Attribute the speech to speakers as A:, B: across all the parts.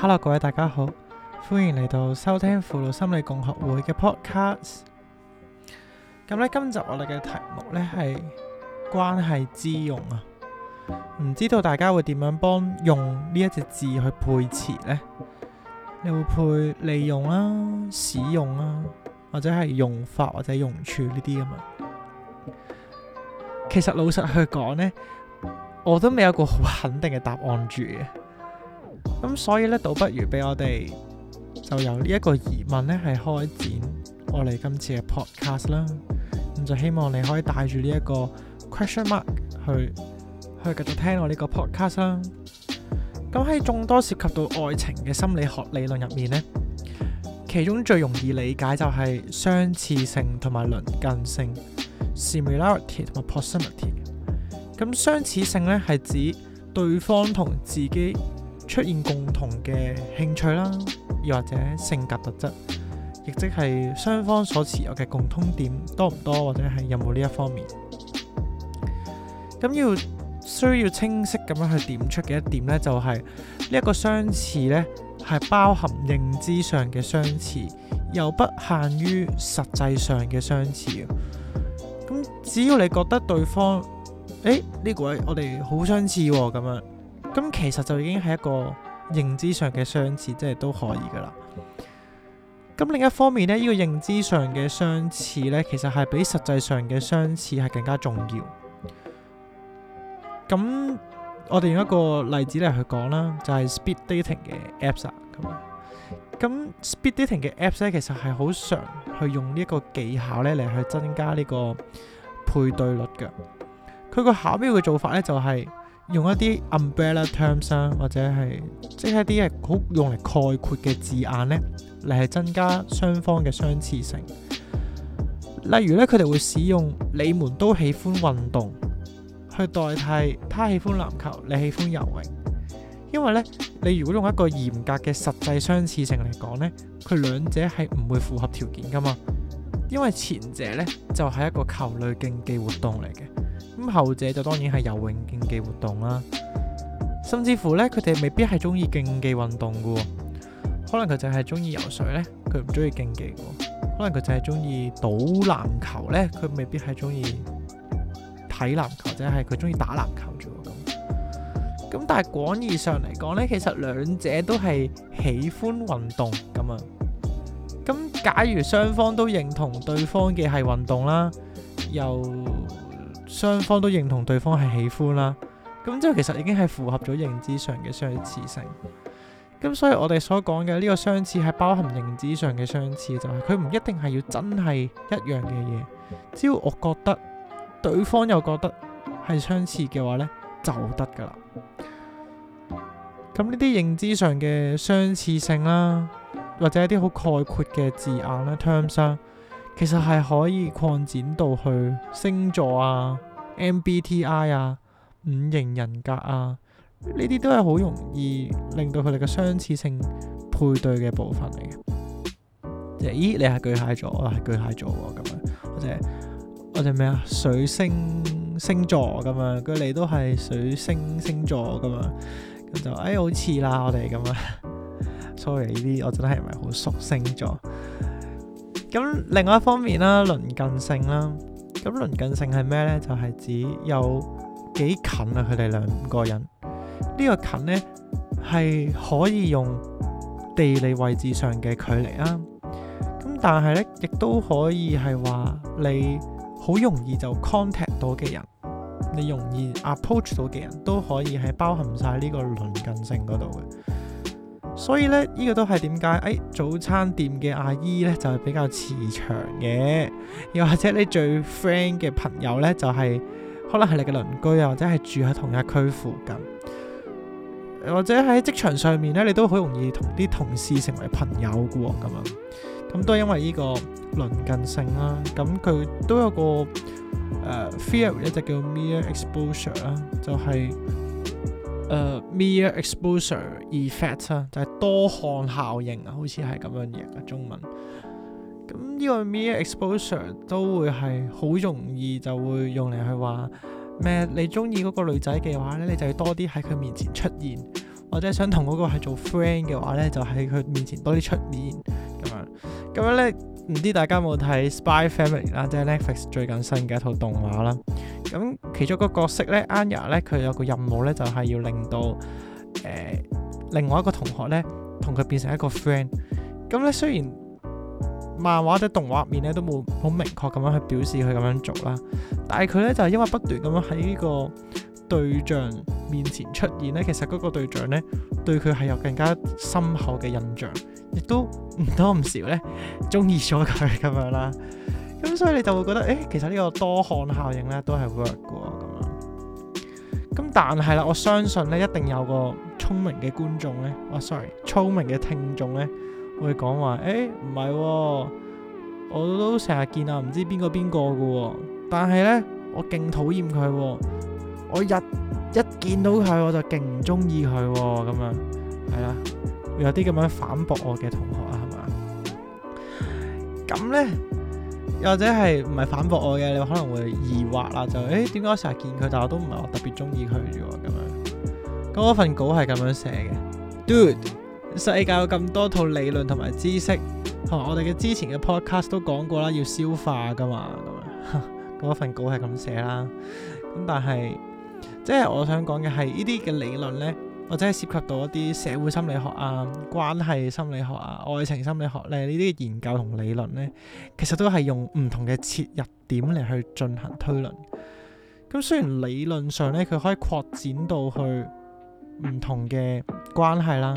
A: Hello 各位大家好，歡迎嚟到收聽輔導心理共學會嘅 podcast。咁咧，今集我哋嘅題目呢係關係之用啊，唔知道大家會點樣幫用呢一隻字去配詞呢？你會配利用啦，啊、使用啦，啊，或者係用法或者用處呢啲咁啊？其實老實去講呢，我都未有個好肯定嘅答案住嘅。咁所以咧，倒不如俾我哋就由呢一個疑問咧，係開展我哋今次嘅 podcast 啦。咁、嗯、就希望你可以帶住呢一個 question mark 去去繼續聽我呢個 podcast 啦。咁喺眾多涉及到愛情嘅心理學理論入面咧，其中最容易理解就係相似性同埋鄰近性 （similarity 同埋 p r o x i l i t y 咁相似性咧係指對方同自己。出現共同嘅興趣啦，又或者性格特質，亦即係雙方所持有嘅共通點多唔多，或者係有冇呢一方面。咁要需要清晰咁樣去點出嘅一點呢、就是，就係呢一個相似呢，係包含認知上嘅相似，又不限於實際上嘅相似。咁只要你覺得對方，誒、欸、呢、這個、位我哋好相似喎、哦，咁樣。咁其實就已經係一個認知上嘅相似，即係都可以噶啦。咁另一方面呢，呢、呢個認知上嘅相似呢，其實係比實際上嘅相似係更加重要。咁我哋用一個例子嚟去講啦，就係、是、Speed Dating 嘅 apps 咁、啊、Speed Dating 嘅 apps 咧，其實係好常去用呢一個技巧呢嚟去增加呢個配對率嘅。佢個巧妙嘅做法呢，就係、是。用一啲 umbrella terms 或者係即係一啲係好用嚟概括嘅字眼咧，嚟係增加雙方嘅相似性。例如咧，佢哋會使用你們都喜歡運動去代替他喜歡籃球，你喜歡游泳。因為咧，你如果用一個嚴格嘅實際相似性嚟講咧，佢兩者係唔會符合條件噶嘛。因為前者咧就係一個球類競技活動嚟嘅。咁後者就當然係游泳競技活動啦，甚至乎呢，佢哋未必係中意競技運動嘅喎，可能佢淨係中意游水呢，佢唔中意競技嘅，可能佢淨係中意打籃球呢，佢未必係中意睇籃球，即係佢中意打籃球啫。咁，咁但係廣義上嚟講呢，其實兩者都係喜歡運動咁啊。咁假如雙方都認同對方嘅係運動啦，又，雙方都認同對方係喜歡啦，咁之後其實已經係符合咗認知上嘅相似性。咁所以我哋所講嘅呢個相似係包含認知上嘅相似，就係佢唔一定係要真係一樣嘅嘢，只要我覺得對方又覺得係相似嘅話呢，就得噶啦。咁呢啲認知上嘅相似性啦，或者一啲好概括嘅字眼啦，terms，其實係可以擴展到去星座啊。MBTI 啊，五型人格啊，呢啲都係好容易令到佢哋嘅相似性配對嘅部分嚟嘅。即係咦，你係巨蟹座，我、啊、係巨蟹座咁、哦、樣，或者或者咩啊水星星座咁樣，佢哋都係水星星座咁樣，咁就誒、哎、好似啦，我哋咁啊。 Sorry 呢啲，我真係唔係好熟星座。咁另外一方面啦，鄰近性啦。咁鄰近性係咩呢？就係、是、指有幾近啊，佢哋兩個人呢、呢個近呢，係可以用地理位置上嘅距離啊。咁但係呢，亦都可以係話你好容易就 contact 到嘅人，你容易 approach 到嘅人都可以係包含晒呢個鄰近性嗰度嘅。所以咧，呢、這個都係點解？誒、哎，早餐店嘅阿姨呢就係、是、比較慈祥嘅，又或者你最 friend 嘅朋友呢，就係、是、可能係你嘅鄰居啊，或者係住喺同一區附近，或者喺職場上面呢，你都好容易同啲同事成為朋友嘅。咁樣，咁都係因為呢個鄰近性啦。咁、啊、佢都有個誒 theory 一隻叫 mere exposure 啦、就是，就係。誒、uh, mere exposure effect 啊，就係多看效應啊，好似係咁樣嘢嘅中文。咁呢個 mere exposure 都會係好容易就會用嚟去話咩？你中意嗰個女仔嘅話咧，你就要多啲喺佢面前出現；或者想同嗰個係做 friend 嘅話咧，就喺佢面前多啲出現咁樣。咁樣咧，唔知大家有冇睇《Spy Family》啊，啦、就，是、即係 Netflix 最近新嘅一套動畫啦。啊。咁其中個角色咧，Anya 咧，佢有個任務咧，就係、是、要令到誒、呃、另外一個同學咧，同佢變成一個 friend。咁咧，雖然漫畫或者動畫面咧都冇好明確咁樣去表示佢咁樣做啦，但係佢咧就係、是、因為不斷咁樣喺呢個對象面前出現咧，其實嗰個對象咧對佢係有更加深厚嘅印象，亦都唔多唔少咧中意咗佢咁樣啦。咁、嗯、所以你就會覺得，誒、欸，其實呢個多看效應咧都係 work 嘅喎、哦，咁樣。咁但係啦，我相信咧一定有個聰明嘅觀眾咧，哇，sorry，聰明嘅聽眾咧，會講話，誒、欸，唔係、哦，我都成日見啊，唔知邊個邊個嘅喎，但係咧，我勁討厭佢喎、哦，我日一見到佢我就勁唔中意佢喎，咁樣，係啦，會有啲咁樣反駁我嘅同學啊，係嘛，咁咧。又或者係唔係反駁我嘅，你可能會疑惑啦、啊，就誒點解我成日見佢，但我都唔係話特別中意佢嘅咁樣。咁嗰、那個、份稿係咁樣寫嘅，Dude，世界有咁多套理論同埋知識，同、啊、埋我哋嘅之前嘅 podcast 都講過啦，要消化噶嘛咁啊。嗰 份稿係咁寫啦，咁但係即係我想講嘅係呢啲嘅理論咧。或者係涉及到一啲社會心理學啊、關係心理學啊、愛情心理學咧、啊，呢啲研究同理論呢，其實都係用唔同嘅切入點嚟去進行推論。咁、嗯、雖然理論上呢，佢可以擴展到去唔同嘅關係啦，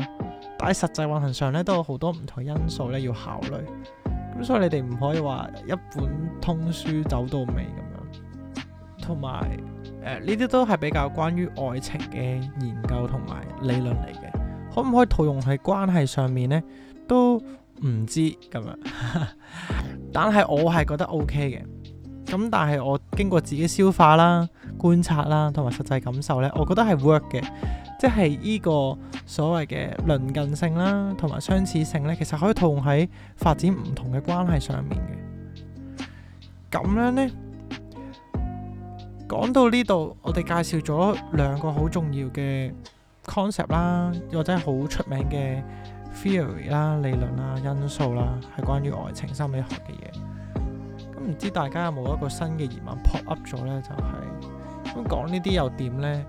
A: 但喺實際運行上呢，都有好多唔同因素咧要考慮。咁、嗯、所以你哋唔可以話一本通書走到尾咁樣，同埋。誒，呢啲、呃、都係比較關於愛情嘅研究同埋理論嚟嘅，可唔可以套用喺關係上面呢？都唔知咁樣， 但係我係覺得 O K 嘅。咁但係我經過自己消化啦、觀察啦，同埋實際感受呢，我覺得係 work 嘅，即係呢個所謂嘅鄰近性啦，同埋相似性呢，其實可以套用喺發展唔同嘅關係上面嘅。咁樣呢。講到呢度，我哋介紹咗兩個好重要嘅 concept 啦，或者好出名嘅 theory 啦、理論啦、因素啦，係關於愛情心理學嘅嘢。咁唔知大家有冇一個新嘅疑問 pop up 咗呢？就係、是、咁講呢啲又點呢？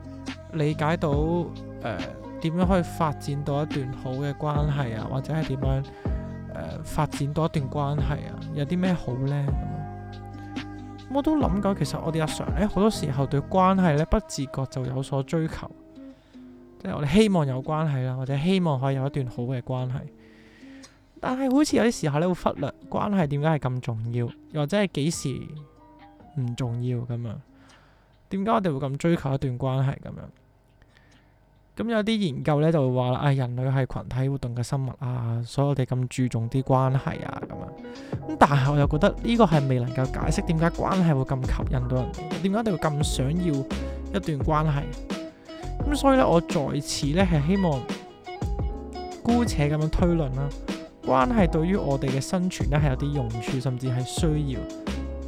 A: 理解到誒點、呃、樣可以發展到一段好嘅關係啊，或者係點樣誒、呃、發展到一段關係啊？有啲咩好呢？我都諗緊，其實我哋日常咧，好多時候對關係咧，不自覺就有所追求，即係我哋希望有關係啦，或者希望可以有一段好嘅關係。但係好似有啲時候咧，會忽略關係點解係咁重要，又或者係幾時唔重要咁樣。點解我哋會咁追求一段關係咁樣？咁有啲研究咧，就會話啦，啊、哎，人類係群體活動嘅生物啊，所以我哋咁注重啲關係啊，咁樣咁。但係我又覺得呢個係未能夠解釋點解關係會咁吸引到人，點解我哋會咁想要一段關係。咁所以咧，我在此咧係希望姑且咁樣推論啦，關係對於我哋嘅生存咧係有啲用處，甚至係需要，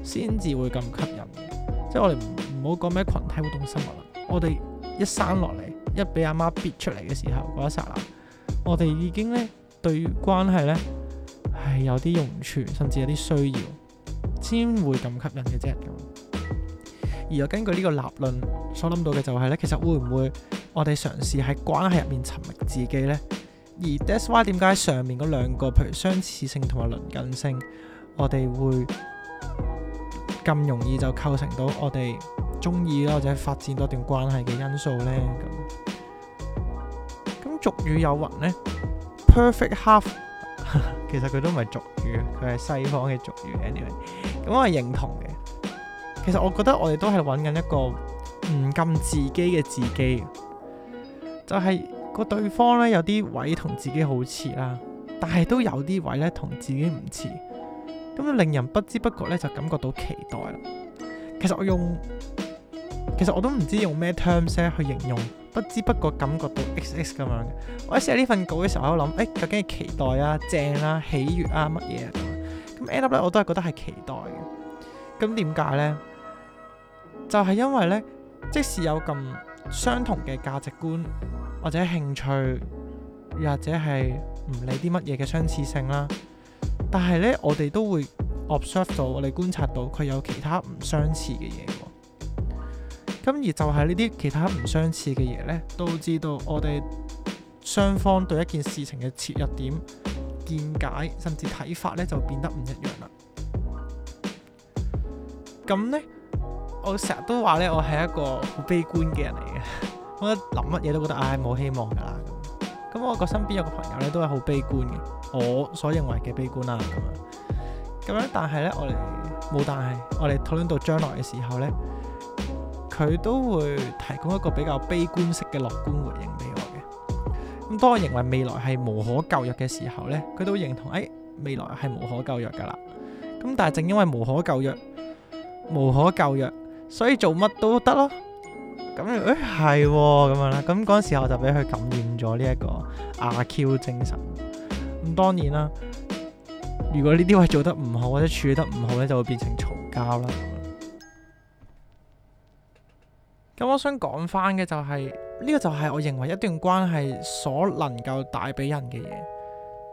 A: 先至會咁吸引嘅。即係我哋唔好講咩群體活動生物啦，我哋一生落嚟。一俾阿媽逼出嚟嘅時候，嗰一剎那，我哋已經咧對關係咧係有啲用處，甚至有啲需要，先會咁吸引嘅啫。咁而又根據呢個立論所諗到嘅就係咧，其實會唔會我哋嘗試喺關係入面尋覓自己呢？而 That's why 點解上面嗰兩個，譬如相似性同埋鄰近性，我哋會咁容易就構成到我哋？中意啦，或者發展多段關係嘅因素呢？咁咁俗語有云呢 perfect half 其實佢都唔係俗語，佢係西方嘅俗語。Anyway，咁我係認同嘅。其實我覺得我哋都係揾緊一個唔咁自己嘅自己，就係、是、個對方呢有啲位同自己好似啦，但係都有啲位呢同自己唔似，咁令人不知不覺呢就感覺到期待啦。其實我用。其實我都唔知用咩 terms 去形容，不知不覺感覺到 x x 咁樣嘅。我一寫呢份稿嘅時候，我喺諗，誒、欸、究竟係期待啊、正啊、喜悦啊、乜嘢啊咁。咁 end up 咧，我都係覺得係期待嘅。咁點解呢？就係、是、因為呢，即使有咁相同嘅價值觀或者興趣，或者係唔理啲乜嘢嘅相似性啦，但係呢，我哋都會 observe 到，我哋觀察到佢有其他唔相似嘅嘢。咁而就係呢啲其他唔相似嘅嘢呢，導致到我哋雙方對一件事情嘅切入點、見解甚至睇法呢，就變得唔一樣啦。咁呢，我成日都話呢，我係一個好悲觀嘅人嚟嘅， 我諗乜嘢都覺得唉、啊、冇希望㗎啦。咁我個身邊有個朋友呢，都係好悲觀嘅，我所認為嘅悲觀啦。咁樣，咁樣但係呢，我哋冇但係，我哋討論到將來嘅時候呢。佢都會提供一個比較悲觀式嘅樂觀回應俾我嘅。咁、嗯、當我認為未來係無可救藥嘅時候呢，佢都認同誒、哎、未來係無可救藥噶啦。咁、嗯、但係正因為無可救藥、無可救藥，所以做乜都得咯。咁誒，係咁樣啦。咁嗰時候就俾佢感染咗呢一個阿 Q 精神。咁、嗯、當然啦，如果呢啲位做得唔好或者處理得唔好呢，就會變成嘈交啦。咁我想講翻嘅就係呢個就係我認為一段關係所能夠帶俾人嘅嘢，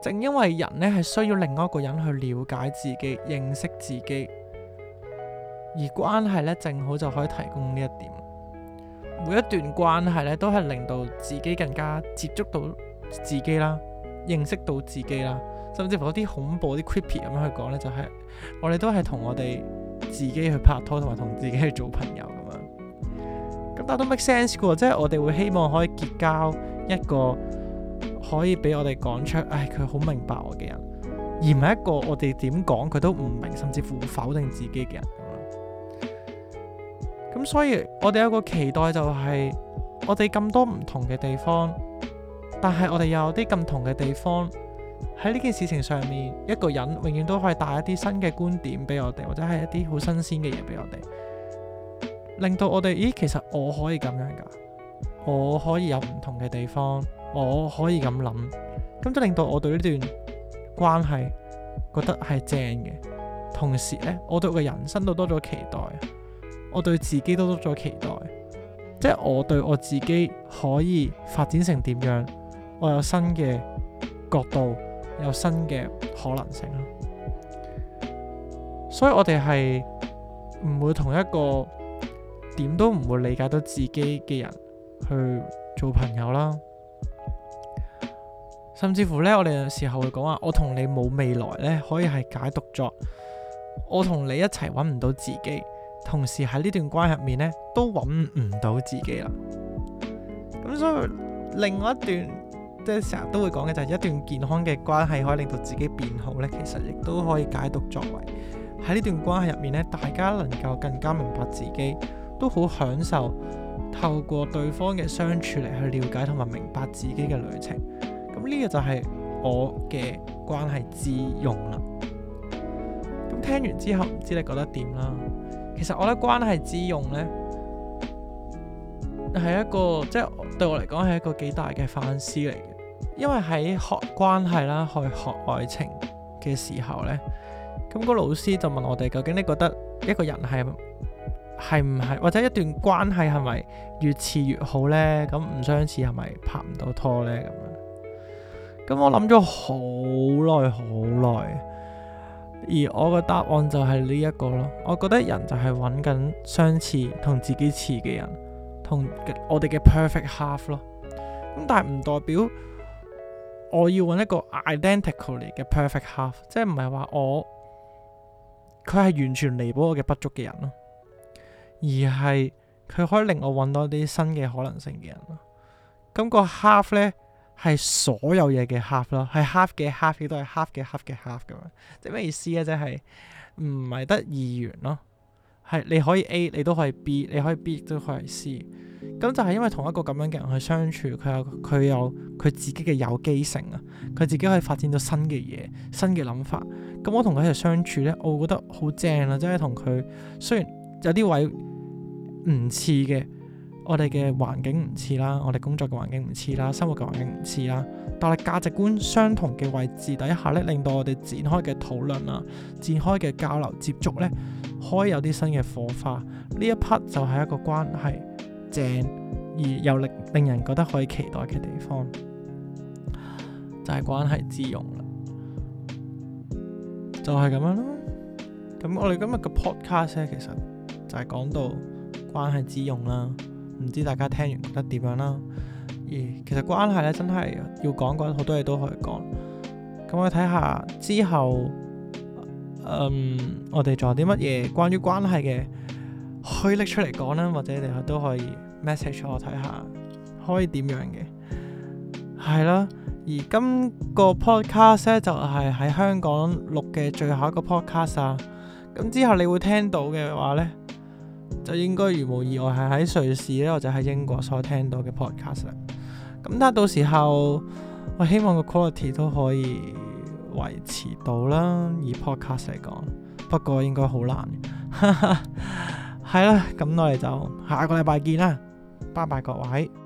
A: 正因為人呢係需要另外一個人去了解自己、認識自己，而關係呢，正好就可以提供呢一點。每一段關係呢，都係令到自己更加接觸到自己啦、認識到自己啦，甚至乎啲恐怖、啲 creepy 咁樣去講呢，就係我哋都係同我哋自己去拍拖，同埋同自己去做朋友。咁都 make sense 嘅喎，即係我哋會希望可以結交一個可以俾我哋講出，唉、哎，佢好明白我嘅人，而唔係一個我哋點講佢都唔明，甚至乎否定自己嘅人。咁、嗯、所以，我哋有個期待就係，我哋咁多唔同嘅地方，但係我哋又有啲咁同嘅地方。喺呢件事情上面，一個人永遠都可以帶一啲新嘅觀點俾我哋，或者係一啲好新鮮嘅嘢俾我哋。令到我哋，咦？其實我可以咁樣噶，我可以有唔同嘅地方，我可以咁諗，咁就令到我對呢段關係覺得係正嘅。同時呢，我對我人生都多咗期待，我對自己都多咗期待，即係我對我自己可以發展成點樣，我有新嘅角度，有新嘅可能性咯。所以我哋係唔會同一個。點都唔會理解到自己嘅人去做朋友啦，甚至乎呢，我哋有時候會講話，我同你冇未來呢，可以係解讀作我同你一齊揾唔到自己，同時喺呢段關係入面呢，都揾唔到自己啦。咁所以另外一段即係成日都會講嘅就係一段健康嘅關係可以令到自己變好呢，其實亦都可以解讀作為喺呢段關係入面呢，大家能夠更加明白自己。都好享受透過對方嘅相處嚟去了解同埋明白自己嘅旅程，咁呢個就係我嘅關係之用啦。咁聽完之後，唔知你覺得點啦？其實我得關係之用呢係一個即係、就是、對我嚟講係一個幾大嘅反思嚟嘅，因為喺學關係啦，去學愛情嘅時候呢，咁、那、嗰、個、老師就問我哋究竟你覺得一個人係？係唔係或者一段關係係咪越似越好呢？咁唔相似係咪拍唔到拖呢？咁樣咁我諗咗好耐，好耐。而我個答案就係呢一個咯。我覺得人就係揾緊相似同自己似嘅人，同我哋嘅 perfect half 咯。咁但係唔代表我要揾一個 identically 嘅 perfect half，即係唔係話我佢係完全彌補我嘅不足嘅人咯。而係佢可以令我揾到啲新嘅可能性嘅人咯。咁個 half 呢，係所有嘢嘅 half 咯，係 half 嘅 half 亦都係 half 嘅 half 嘅 half 咁樣。即係咩意思啊？即係唔係得二元咯？係你可以 A，你都可以 B，你可以 B 都可以 C。咁就係因為同一個咁樣嘅人去相處，佢有佢有佢自己嘅有機性啊。佢自己可以發展到新嘅嘢、新嘅諗法。咁我同佢一齊相處呢，我會覺得好正啦，啊！即係同佢雖然有啲位。唔似嘅，我哋嘅環境唔似啦，我哋工作嘅環境唔似啦，生活嘅環境唔似啦，但係價值觀相同嘅位置底下咧，令到我哋展開嘅討論啊，展開嘅交流接觸咧，可以有啲新嘅火花。呢一 part 就係一個關係正而又令令人覺得可以期待嘅地方，就係關係之用啦。就係咁樣咯。咁我哋今日嘅 podcast 咧，其實就係講到。關係之用啦，唔知大家聽完覺得點樣啦？而其實關係咧，真係要講講好多嘢都可以講。咁我睇下之後，嗯，我哋仲有啲乜嘢關於關係嘅可以拎出嚟講啦，或者你都可以 message 我睇下，可以點樣嘅？係啦，而今個 podcast 咧就係喺香港錄嘅最後一個 podcast 啊。咁之後你會聽到嘅話呢，就應該如無意外係喺瑞士咧，或者喺英國所聽到嘅 podcast 啦。咁但係到時候，我希望個 quality 都可以維持到啦，以 podcast 嚟講。不過應該好難。係 啦，咁我哋就下個禮拜見啦，拜拜各位。